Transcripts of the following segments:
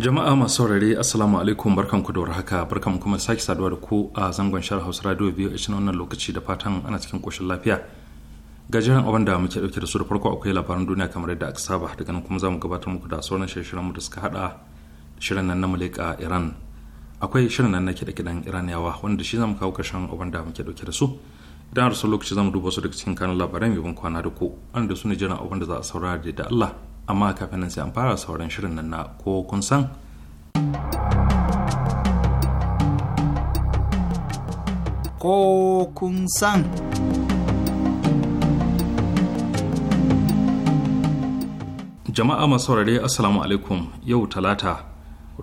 jama'a masu saurari assalamu alaikum barkan ku da warhaka barkan kuma sake saduwa da ku a zangon shar hausa radio biyu a wannan lokaci da fatan ana cikin koshin lafiya gajeren abin da muke dauke da su da farko akwai labaran duniya kamar yadda aka saba daga nan kuma za mu gabatar muku da sauran shirye-shiryen mu da suka hada shirin nan na mulika iran akwai shirin nan na kidan kiɗen iraniyawa wanda shi zamu kawo karshen abin da muke dauke da su idan har sun lokaci zamu duba su daga cikin kanun labaran mai kwana da ku an da su ne jiran abin da za a saurara da Allah amma kafin nan sai an fara sauran shirin nan na ko kun san ko kun san jama'a masu saurare assalamu alaikum yau talata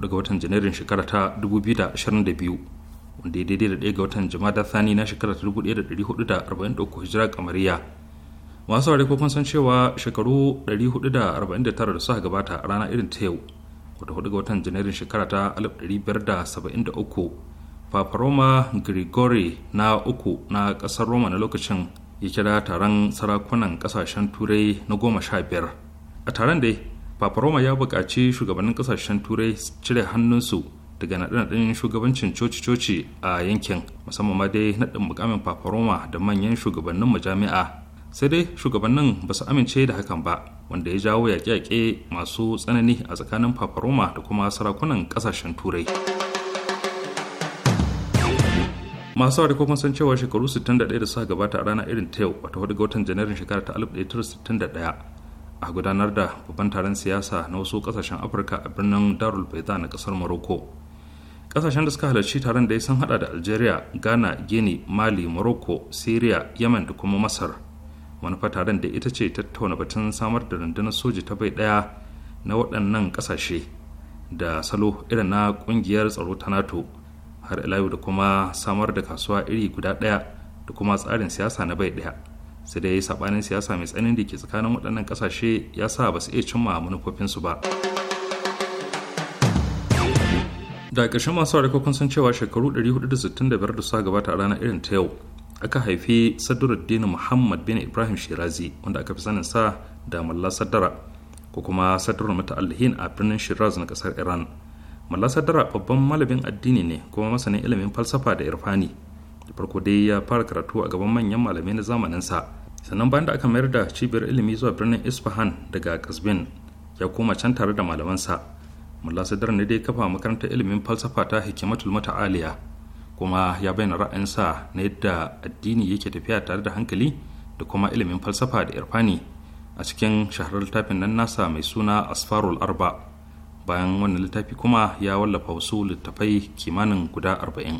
daga watan janairun shekara ta 2022 wanda ya daidai da ɗaya ga watan jama'a da thani na shekara ta 1443 hijira kamariya masu ware kofin san cewa shekaru 449 da suka gabata a rana irin ta yau wata hudu ga watan janairun shekara ta 1573 papa roma grigori na uku na kasar roma na lokacin ya kira taron sarakunan kasashen turai na goma sha biyar a taron dai papa roma ya buƙaci shugabannin kasashen turai cire hannunsu daga naɗe-naɗen shugabancin coci-coci a yankin musamman ma dai naɗin mukamin papa roma da manyan shugabannin majami'a sai dai shugabannin ba su amince da hakan ba wanda ya jawo yaƙe-yaƙe masu tsanani a tsakanin fafaroma da kuma sarakunan ƙasashen turai masu wari kuma san cewa shekaru 61 da suka gabata a rana irin ta yau wata hudu ga watan janairun shekara ta 1961 a gudanar da babban taron siyasa na wasu kasashen afirka a birnin darul baida na kasar morocco kasashen da suka halarci taron da ya sun hada da algeria ghana guinea mali morocco syria yemen da kuma masar manufa taron da ita ce tattauna batun samar da rundunar soji ta bai daya na waɗannan ƙasashe da salo irin na ƙungiyar tsaro ta nato har ilayu da kuma samar da kasuwa iri guda ɗaya da kuma tsarin siyasa na bai ɗaya sai dai saɓanin siyasa mai tsanani da ke tsakanin waɗannan ƙasashe ya sa ba su iya cimma manufofinsu ba da ƙarshen masu harkokin sun cewa shekaru 465 da suka gabata a ranar irin ta yau aka haifi sadduruddin muhammad bin ibrahim shirazi wanda aka fi sanin sa da malla sadara ko kuma sadrul muta'allihin a birnin shiraz na kasar iran malla sadara babban malamin addini ne kuma masanin ilimin falsafa da irfani da farko dai ya fara karatu a gaban manyan malamai na zamanin sa sannan bayan da aka mayar da cibiyar ilimi zuwa birnin isfahan daga kasbin ya koma can tare da malamansa malla sadara ne dai kafa makarantar ilimin falsafa ta hikimatul mata'aliya kuma ya bayyana ra'ayinsa na yadda addini yake tafiya tare da hankali da kuma ilimin falsafa da irfani a cikin shaharar littafin nan nasa mai suna asfarul arba bayan wannan littafi kuma ya wallafa wasu littafai kimanin guda arba'in.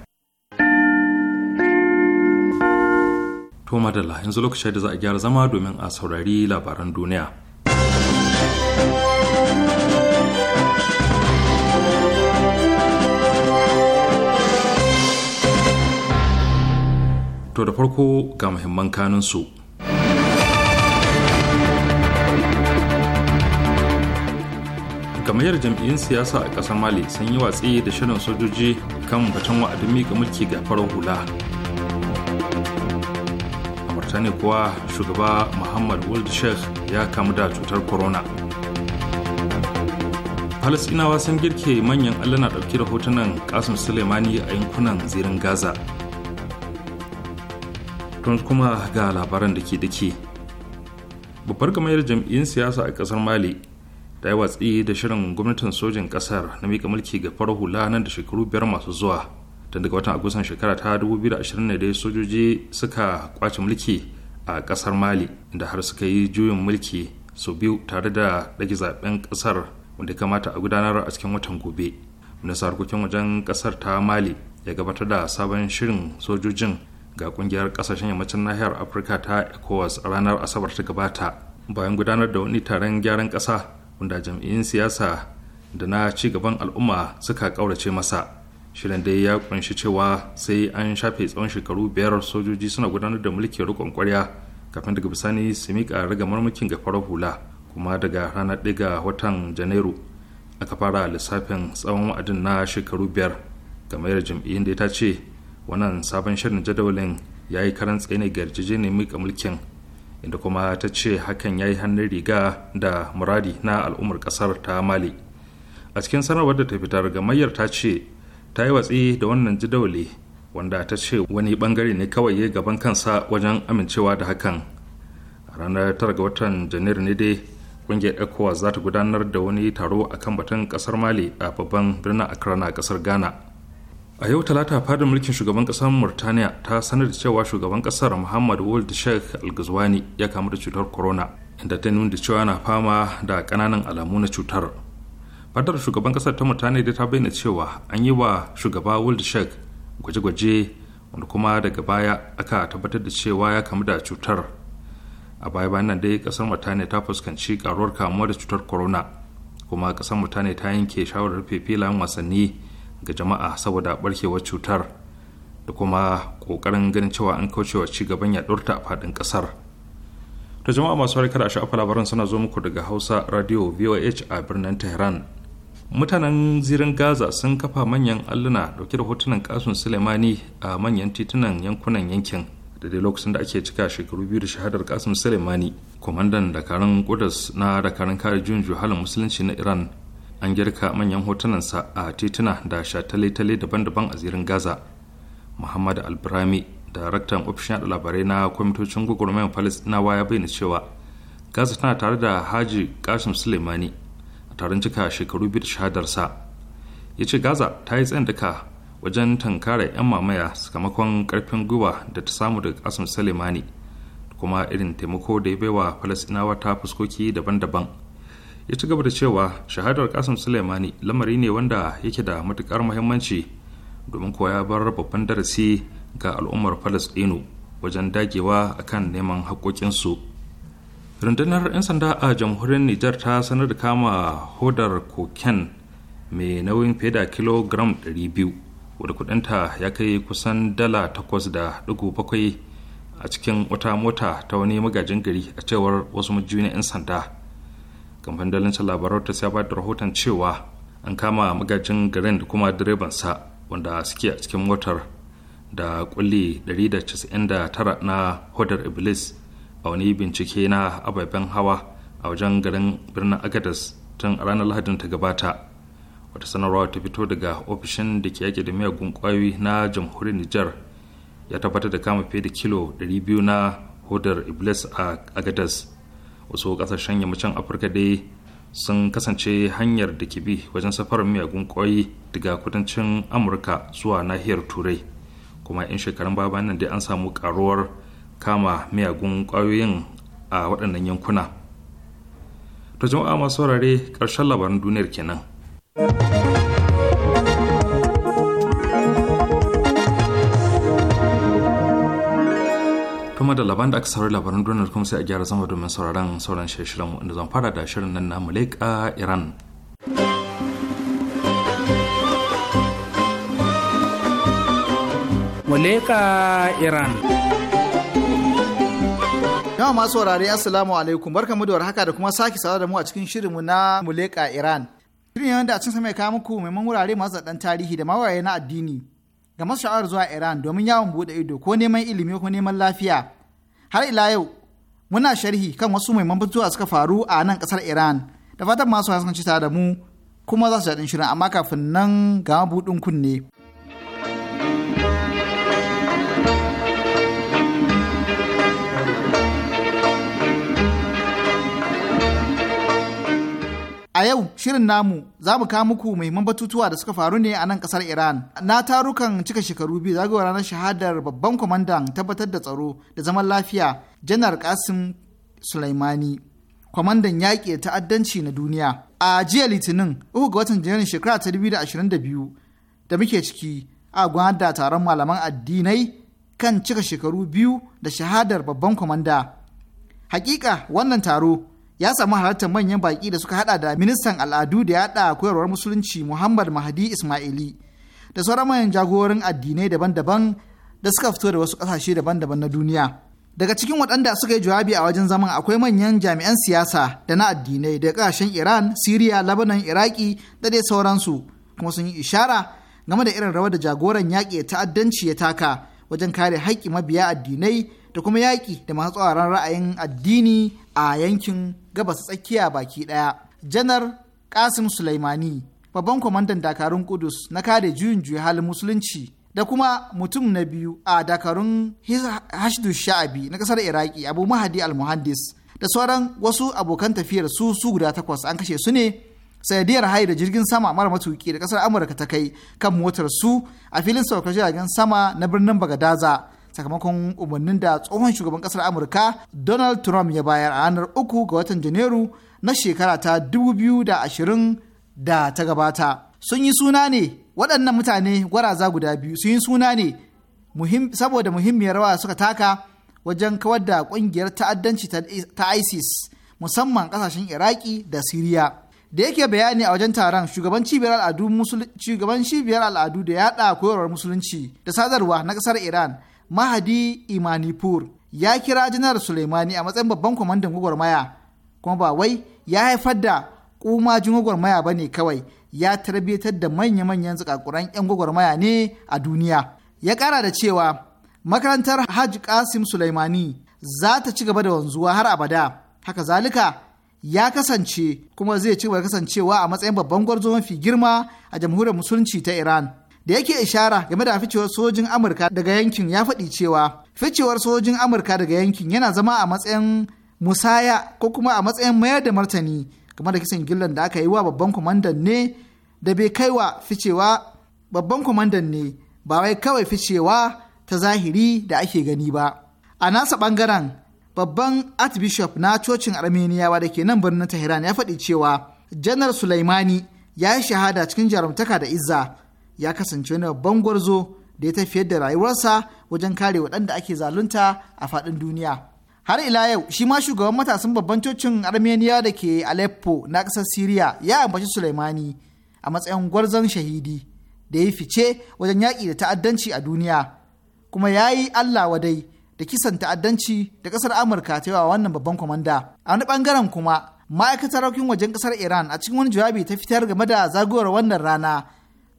To madalla yanzu lokaci da za a gyara zama domin a saurari labaran duniya. To da farko ga muhimman kanunsu. gamayyar jam'iyyun siyasa a ƙasar mali sun yi watsi da shirin sojoji kan batun wa'adin miƙa mulki ga farar hula ta ne kuwa shugaba muhammad wald sheikh ya kamu da cutar corona falasinawa sun girke manyan allana ɗauki da hotunan sulemani a yankunan zirin gaza don kuma ga labaran da ke dake babbar gamayar jam'iyyar siyasa a ƙasar mali ta yi watsi da shirin gwamnatin sojin ƙasar na miƙa mulki ga farar hula nan da shekaru biyar masu zuwa tun daga watan agustan shekara ta 2020 ne dai sojoji suka kwace mulki a kasar mali inda har suka yi juyin mulki sau biyu tare da ɗage zaben kasar wanda kamata a gudanar a cikin watan gobe minista harkokin wajen kasar ta mali ya gabatar da sabon shirin sojojin ga kungiyar kasashen yammacin nahiyar afirka ta ecowas ranar asabar ta gabata bayan gudanar da wani taron gyaran kasa wanda jam'iyyun siyasa da na ci gaban al'umma suka kaurace masa shirin dai ya kunshi cewa sai an shafe tsawon shekaru biyar sojoji suna gudanar da mulkin rikon kwarya kafin daga bisani su miƙa riga marmakin ga farar hula kuma daga ranar ga watan janairu aka fara lissafin tsawon wa'adin na shekaru biyar mayar jam'iyyar da ta ce wannan sabon shirin jadawalin ya yi karan tsaye ga yarjejeniyar miƙa mulkin inda kuma ta ce hakan ya yi hannun riga da muradi na al'ummar ƙasar ta mali a cikin sanarwar da ta fitar gamayyar ta ce ta yi watsi da wannan jadawali wanda ta ce wani bangare ne kawai ya gaban kansa wajen amincewa da hakan a ranar tara ga watan janairu ne dai kungiyar ecowas za ta gudanar da wani taro a kan batun kasar mali a babban birnin accra na kasar ghana a yau talata fadin mulkin shugaban kasar murtaniya ta sanar da cewa shugaban kasar muhammad wold sheikh alguzwani ya kamu da cutar corona inda ta nuna cewa na fama da kananan alamu na cutar fadar shugaban kasar ta mutane da ta bayyana cewa an yi wa shugaba world shek gwaje-gwaje wanda kuma daga baya aka tabbatar da cewa ya kamu da cutar a baya bayan nan dai kasar mutane ta fuskanci karuwar kamuwa da cutar corona kuma kasar mutane ta yanke shawarar fifilayen wasanni ga jama'a saboda barkewar cutar da kuma kokarin ganin cewa an kaucewa ci gaban ta a fadin ƙasar to jama'a masu harkar a sha'afa labaran suna zo muku daga hausa radio voh a birnin tehran mutanen zirin gaza sun kafa manyan alluna dauke da hotunan kasun sulemani a manyan titunan yankunan yankin da dai lokacin da ake cika shekaru biyu da shahadar kasim sulemani kwamandan dakarun kudus na dakarun kare juyin juhalin musulunci na iran an girka manyan hotunansa a tituna da shatale-tale daban-daban a zirin gaza muhammad albrami daraktan ofishin yada labarai na kwamitocin gwagwarmayar palestinawa ya bayyana cewa gaza tana tare da haji kasim sulemani a taron cika shekaru biyu da shahadarsa ya ce gaza ta yi tsayin wajen tankara 'yan mamaya sakamakon karfin gwiwa da ta samu daga kasim salimani kuma irin taimako da ya baiwa falasinawa ta fuskoki daban-daban ya ci gaba da cewa shahadar kasim suleimani lamari ne wanda yake da matukar muhimmanci domin koya bar babban darasi ga al'ummar falasɗinu wajen dagewa akan neman haƙoƙinsu rundunar 'yan sanda a jamhuriyar nijar ta sanar da kama hodar koken mai nauyin fiye da kilogram 200 wadda kudinta ya kai kusan dala 8.7 a cikin wata mota ta wani magajin gari a cewar wasu majiyoyi 'yan sanda kamfanin dalilin labarai ta sabar da rahoton cewa an kama magajin garin da kuma direbansa wanda suke a cikin motar da kulle 199 na hodar iblis a wani bincike na ababen hawa a wajen garin birnin agadas tun ranar lahadin ta gabata wata sanarwa ta fito daga ofishin da ke yake da miyagun kwayoyi na jamhuriyar nijar ya tabbatar da kama fiye da kilo 200 na hodar iblis a agadas wasu kasashen yammacin afirka dai sun kasance hanyar da ke bi wajen safarar miyagun kwayoyi daga kudancin amurka zuwa nahiyar turai kuma 'yan shekarun baya nan dai an samu karuwar kama miyagun ƙwayoyin a waɗannan yankuna to jama'a masu saurare ƙarshen labaran duniyar kenan kuma da labaran da aka saurari labaran duniyar kuma sai a gyara zama domin sauraron sauran shirin shiryen inda zan fara da shirin nan na muleka iran muleka iran Yawan masu wurare Assalamu alaikum mu da warhaka da kuma sake sawa da mu a cikin shirinmu na Muleka Iran. Shirin yawan da a cikin mai kawo muku maimakon wurare masu zaɗan tarihi da mawaye na addini ga masu sha'awar zuwa Iran domin yawon buɗe ido ko neman ilimi ko neman lafiya. Har ila yau muna sharhi kan wasu maimakon batutuwa suka faru a nan ƙasar Iran da fatan masu hasken cita da mu kuma za su shirin amma kafin nan ga buɗin kunne. A yau shirin namu za mu kawo muku muhimman batutuwa da suka faru ne a nan kasar Iran. Na tarukan cika shekaru biyu zagayowar ranar shahadar babban kwamandan tabbatar da tsaro da zaman lafiya janar Kasim Sulaimani. Kwamandan yaƙi ta'addanci na duniya. A jiya Litinin, uku ga watan Janairun shekara ta biyu da muke ciki a gwada taron malaman addinai kan cika shekaru biyu da shahadar babban kwamanda. Hakika wannan taro ya samu halartar manyan baƙi da suka hada da ministan al'adu da ya yaɗa koyarwar musulunci muhammad mahadi ismaili da sauran manyan jagororin addinai daban-daban da suka fito da wasu ƙasashe daban-daban na duniya daga cikin waɗanda suka yi jawabi a wajen zaman akwai manyan jami'an siyasa da na addinai da ƙasashen iran siriya labanan iraki da dai sauransu kuma sun yi ishara game da irin rawar da jagoran yaƙi ta'addanci ya taka wajen kare haƙƙi mabiya addinai da kuma yaƙi da masu tsoron ra'ayin addini a yankin gabas tsakiya baki ɗaya. Janar Kasim Sulaimani, babban kwamandan dakarun Kudus na kare juyin juya halin musulunci da kuma mutum na biyu a dakarun Hashdu Sha'abi na ƙasar Iraki Abu Mahadi al da sauran wasu abokan tafiyar su su guda takwas an kashe su ne sayadiyar hayi da jirgin sama mara matuki da kasar amurka ta kai kan motar su a filin saukar jiragen sama na birnin bagadaza sakamakon umarnin da tsohon shugaban kasar amurka donald trump ya bayar a ranar uku ga watan janairu na shekara ta 2020 da ta gabata sun yi suna ne waɗannan mutane gwaraza guda biyu sun yi suna ne saboda muhimmiyar rawa suka taka wajen kawar da ƙungiyar ta'addanci ta isis musamman ƙasashen iraki da siriya da yake bayani a wajen taron shugaban cibiyar al'adu shugaban cibiyar al'adu da yada koyarwar musulunci da sadarwa na ƙasar iran mahadi imanipur ya kira janar suleimani a matsayin babban kwamandan gwagwarmaya kuma ba wai ya haifar da kumajin gwagwarmaya ba ne kawai ya tarbiyyatar da manya-manyan zakakuran 'yan gwagwarmaya ne a duniya ya kara da cewa makarantar hajj kasim suleimani za ta ci gaba da wanzuwa har abada haka zalika ya kasance kuma zai ci gaba kasancewa a matsayin babban gwarzo mafi girma a jamhuriyar musulunci ta iran da yake ishara game da ficewar sojin amurka daga yankin ya faɗi cewa ficewar sojin amurka daga yankin yana zama a matsayin musaya ko kuma a matsayin mayar da martani game da kisan gillan da aka yi wa babban kwamandan ne da bai kai wa ficewa babban kwamandan ne ba wai kawai ficewa ta zahiri da ake gani ba a nasa bangaren babban archbishop na cocin armeniyawa da ke nan birnin Tahiran ya faɗi cewa janar sulaimani ya yi shahada cikin jarumtaka da izza ya kasance wani babban gwarzo da ya tafiyar da rayuwarsa wajen kare waɗanda ake zalunta a faɗin duniya. Har ila yau shi ma shugaban matasan babban cocin Armenia da ke Aleppo na ƙasar Siriya ya ambaci Sulaimani a matsayin gwarzon shahidi da ya fice wajen yaƙi da ta'addanci a duniya kuma ya yi Allah wadai da kisan ta'addanci da ƙasar Amurka ta yi wa wannan babban kwamanda. A wani ɓangaren kuma ma'aikatar harkokin wajen ƙasar Iran a cikin wani jawabi ta fitar game da zagayowar wannan rana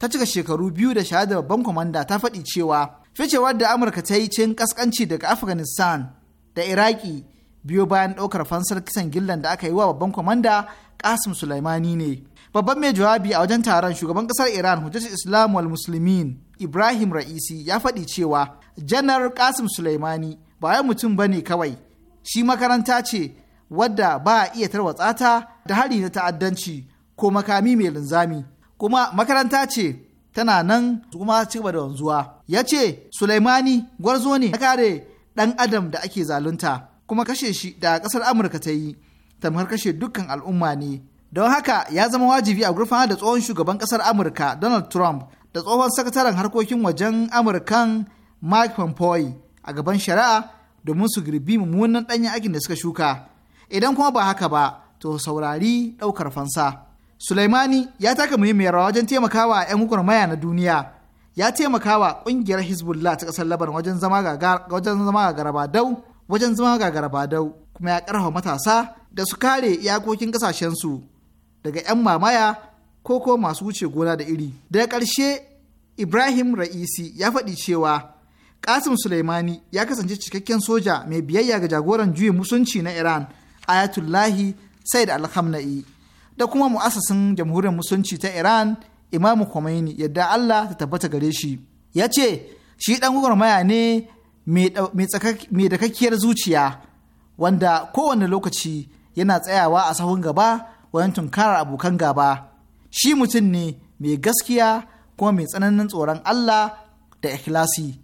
ta cika shekaru biyu da shahadar babban kwamanda ta faɗi cewa ficewar da amurka ta yi cin kaskanci daga afghanistan da iraki biyo bayan ɗaukar fansar kisan gillan da aka yi wa babban kwamanda kasim sulaimani ne babban mai jawabi a wajen taron shugaban kasar iran hujjar islam wal muslimin ibrahim ra'isi ya faɗi cewa janar kasim sulaimani ba wai mutum bane kawai shi makaranta ce wadda ba a iya tarwatsa ta da hari na ta'addanci ko makami mai linzami kuma makaranta ce tana nan kuma ci gaba da wanzuwa ya ce sulaimani gwarzo ne na kare ɗan adam da ake zalunta kuma kashe shi da ƙasar amurka ta yi tamkar kashe dukkan al'umma ne don haka ya zama wajibi a gurfana da tsohon shugaban ƙasar amurka donald trump da tsohon sakataren harkokin wajen amurkan mike pompeo a gaban shari'a domin su girbi mummunan ɗanyen aikin da suka shuka idan kuma ba haka ba to saurari ɗaukar fansa. Sulaimani ya taka muhimmiyar rawa wajen taimakawa 'yan gwagwarmaya na duniya. Ya taimakawa ƙungiyar Hezbollah ta ƙasar Laban wajen zama gagara dau wajen zama gagara dau kuma ya ƙarfa matasa da su kare iyakokin su daga 'yan mamaya ko ko masu wuce gona da iri. Daga ƙarshe Ibrahim Ra'isi ya faɗi cewa Kasim Sulaimani ya kasance cikakken soja mai biyayya ga jagoran juyin musunci na Iran Ayatullahi Said Alhamna'i. da kuma mu'assasin jamhuriyar musulunci ta Iran Imamu Khomeini yadda Allah ta tabbata gare shi. Ya ce, shi ɗan gwagwarmaya ne mai dakakkiyar zuciya wanda kowane lokaci yana tsayawa a sahun gaba wajen tunkarar abokan gaba. Shi mutum ne mai gaskiya kuma mai tsananin tsoron Allah da ikhlasi.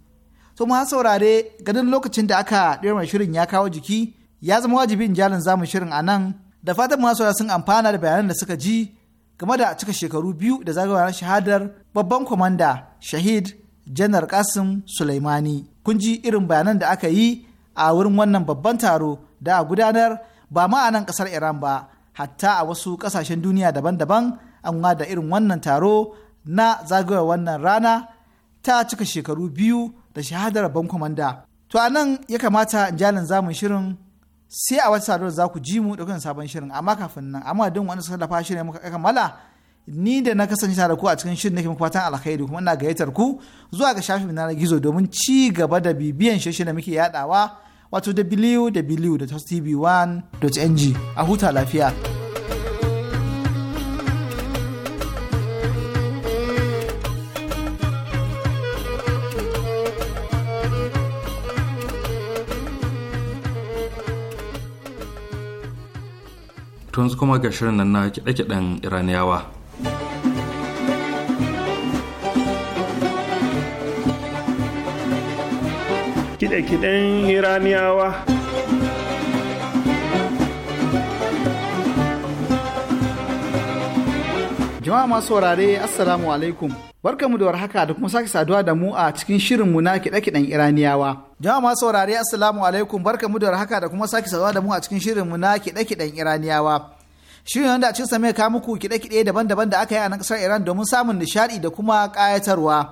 To ma saurare ganin lokacin da aka ɗirma shirin ya kawo jiki ya zama wajibin jalin zamu shirin a nan da fatan masu sun amfana da bayanan da suka ji game da cika shekaru biyu da zagayowar shahadar babban kwamanda shahid janar kasim sulaimani kun ji irin bayanan da aka yi a wurin wannan babban taro da a gudanar ba ma a nan kasar iran ba hatta a wasu kasashen duniya daban-daban an da irin wannan taro na zagayowar wannan rana ta cika shekaru biyu da shahadar babban kwamanda to a nan ya kamata in jalin zamun shirin sai a wata saduwar za ku ji mu da sabon shirin amma kafin nan amma duk wani suka lafa shirin muka kammala ni da na kasance tare ku a cikin shirin nake muku fatan alkhairi kuma ina gayyatar ku zuwa ga shafin na gizo domin ci gaba da bibiyan shirin da muke yadawa wato www.tv1.ng a huta lafiya. to yanzu kuma ga shirin nan na kiɗe-kiɗen iraniyawa kiɗe-kiɗen iraniyawa jama'a masu wurare assalamu alaikum Barkanmu da warhaka da kuma sake saduwa da mu a cikin shirinmu na kiɗe-kiɗen Iraniyawa. Jama'a masu saurari Assalamu alaikum barkanmu da warhaka da kuma sake saduwa da mu a cikin shirinmu na kiɗe-kiɗen Iraniyawa. Shirin wanda a cikin sa ka muku kiɗe-kiɗe daban-daban da aka yi a nan ƙasar Iran domin samun nishaɗi da kuma ƙayatarwa.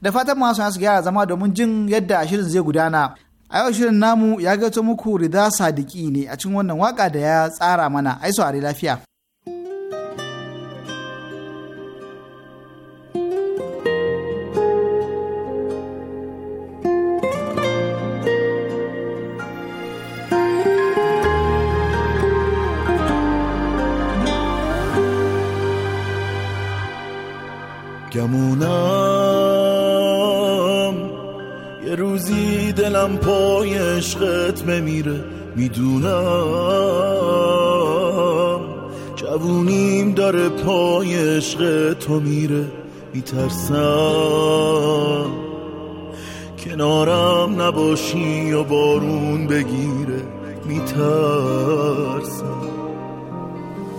Da fatan masu su gyara zama domin jin yadda shirin zai gudana. A yau shirin namu ya gato muku Rida Sadiki ne a cikin wannan waka da ya tsara mana. Ai saurari lafiya. میدونم جوونیم داره پای عشق تو میره میترسم کنارم نباشی و بارون بگیره میترسم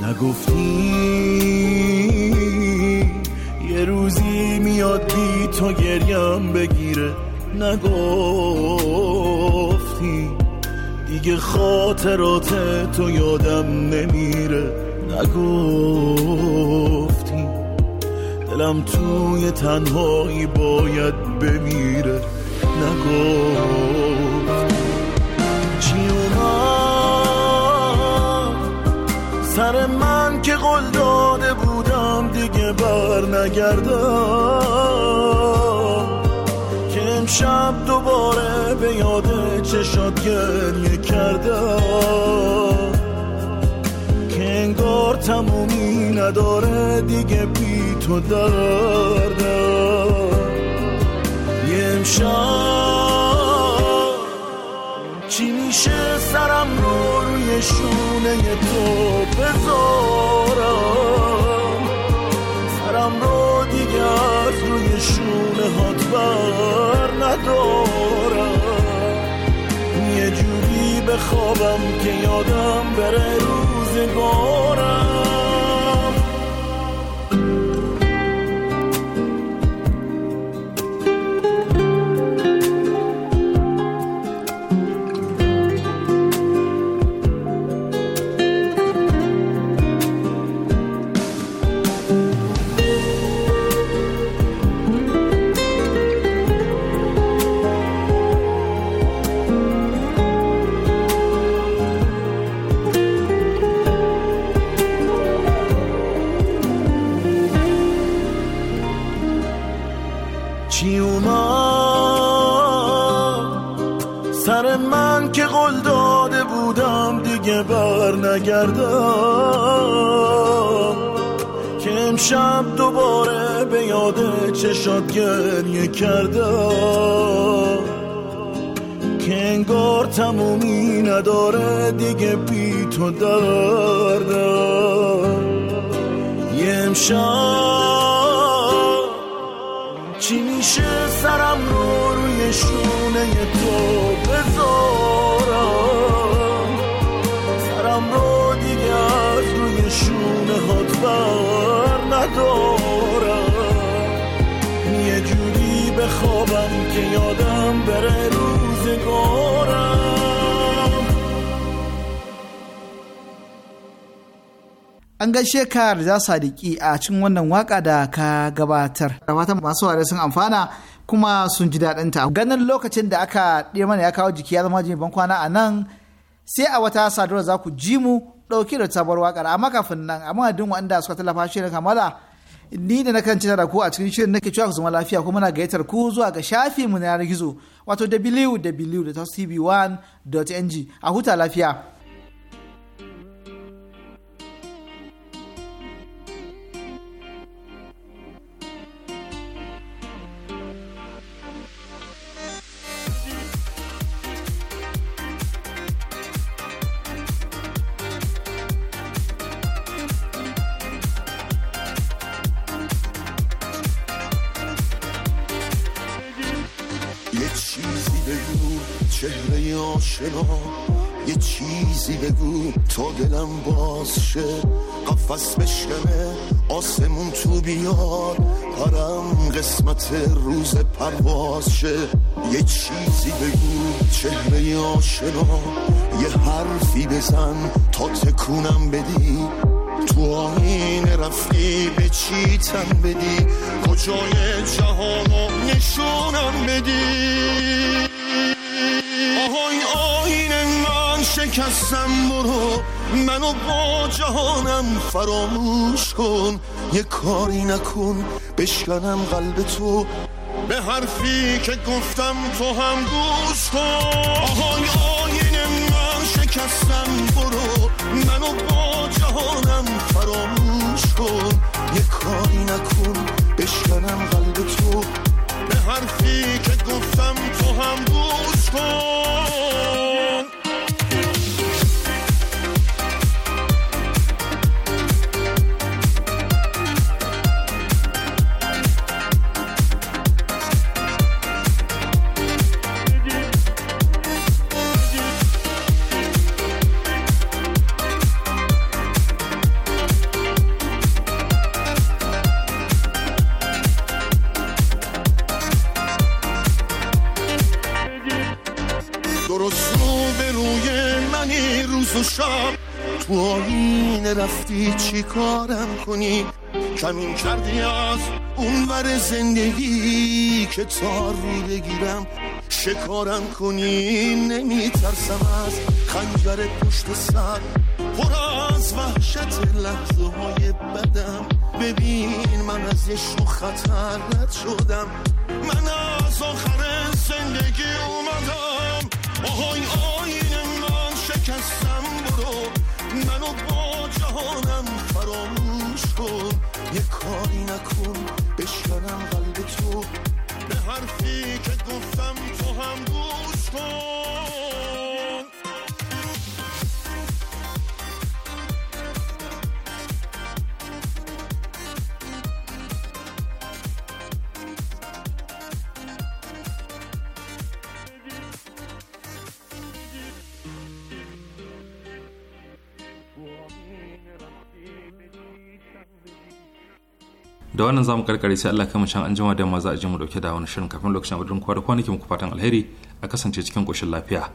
نگفتی یه روزی میاد بی تو گریم بگیره نگفتی دیگه خاطرات تو یادم نمیره نگفتی دلم توی تنهایی باید بمیره نگفتی چی اومد سر من که قل داده بودم دیگه بر نگردم که امشب دوباره به یاد چشات گریه کرده که انگار تمومی نداره دیگه بی تو درده یه امشب چی میشه سرم رو روی شونه تو بذارم سرم رو دیگه از روی شونه هات بر ندارم خوابم که یادم بره روزگارم سر من که قول داده بودم دیگه بر نگردم که امشب دوباره به یاد چشات گریه کردم که انگار تمومی نداره دیگه بی تو دردم یه امشب همیشه سرم رو روی شونه تو An gaishe ka da sadiki a cikin wannan waka da ka gabatar. Da fatan masu ware sun amfana kuma sun ji daɗin ta. Ganin lokacin da aka ɗiya mana ya kawo jiki ya zama ban kwana a nan sai a wata sadarwa za ku ji mu ɗauki da sabuwar wakar amma kafin nan amma duk waɗanda suka tallafa shirin kamala ni da nakan cita da ku a cikin shirin nake cewa ku zama lafiya kuma na gayyatar ku zuwa ga shafi mu na yanar gizo wato www.tv1.ng a huta lafiya. تو دلم باز شه قفص بشکنه آسمون تو بیار پرم قسمت روز پرواز شه یه چیزی بگو چهره آشنا یه حرفی بزن تا تکونم بدی تو آین رفتی به چی تن بدی کجای جهانو نشونم بدی شکستم برو منو با جهانم فراموش کن یه کاری نکن بشکنم قلب تو به حرفی که گفتم تو هم گوش کن آهای آینه من شکستم برو منو با جهانم فراموش کن یه کاری نکن بشکنم کمین کردی از اون ور زندگی که تار رو بگیرم شکارم کنی نمی ترسم از خنجر پشت سر پر از وحشت لحظه های بدم ببین من از یه شو خطر رد شدم من از آخر زندگی magnifique da wannan zamu karkare sai Allah kama can an jima da za a ji mu dauke da wani shirin kafin lokacin abudin kwa da kwanaki muku fatan alheri a kasance cikin koshin lafiya